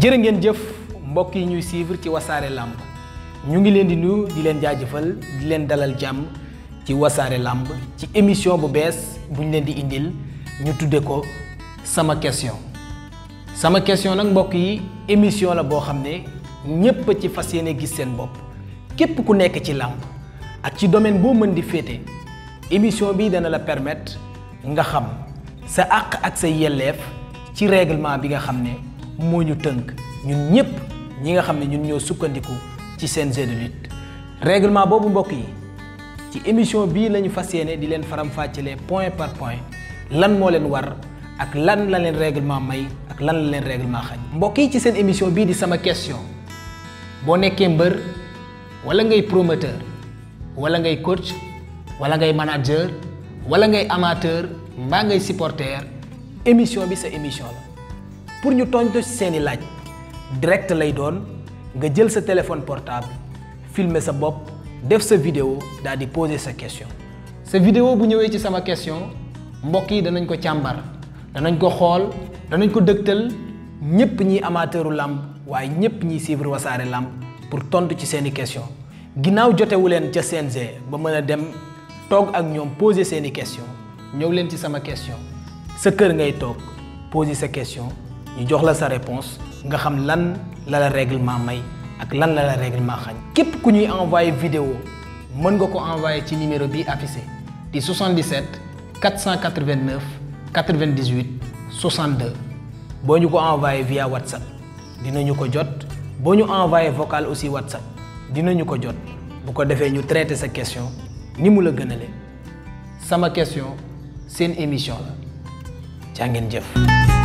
jërë ngeen jëf mbokk yi ñuy suivre ci wasaare làmb ñu ngi leen di nuyu di leen jaajëfal di leen dalal jàmm ci wasaare làmb ci émission bu bees bu ñu leen di indil ñu tudde ko sama question sama question nag mbokk yi émission la boo xam ne ñépp a ci fas yéene gis seen bopp képp ku nekk ci làmb ak ci domaine boo mën di féete émission bii dana la permettre nga xam sa àq ak sa yelleef ci réglement bi nga xam ne moo ñu tënk ñun ñëpp ñi nga xam ne ñun ñoo sukkandiku ci seen de lutte règlement boobu mbokk yi ci émission bii lañu fas yéene di leen faram-fàccelee point par point lan moo leen war ak lan la leen réglement may ak lan la leen règlement xañ mbokk yi ci seen émission bii di sama question boo nekkee mbër wala ngay promoteur wala ngay coach wala ngay manager wala ngay amateur mbaa ngay supporter émission bi sa émission la pour ñu tontu seeni laaj direct lay doon nga jël sa téléphone portable filmer sa bopp def sa vidéo daal di poser sa question sa vidéo bu ñëwee ci sama question mbokk yi danañ ko càmbar danañ ko xool danañ ko dëgtal ñëpp ñiy amateuru làmb waaye ñëpp ñiy suivre wasaare làmb pour tontu ci seeni question ginnaaw jotewu leen ca CNG ba mën a dem toog ak ñoom poser seeni question ñëw leen ci sama question sa kër ngay toog poser sa question ñu jox la sa réponse nga xam lan la la règlement may ak lan la la règlement xañ képp ku ñuy envoyé vidéo mën nga ko envoyé ci numéro bi affiché di 77 489 98 62 boo ñu ko envoyé via WhatsApp dinañu ko jot boo ñu envoyé vocal aussi WhatsApp dinañu ko jot bu ko defee ñu traité sa question ni mu la gën a leen sama question seen émission la jaa ngeen jëf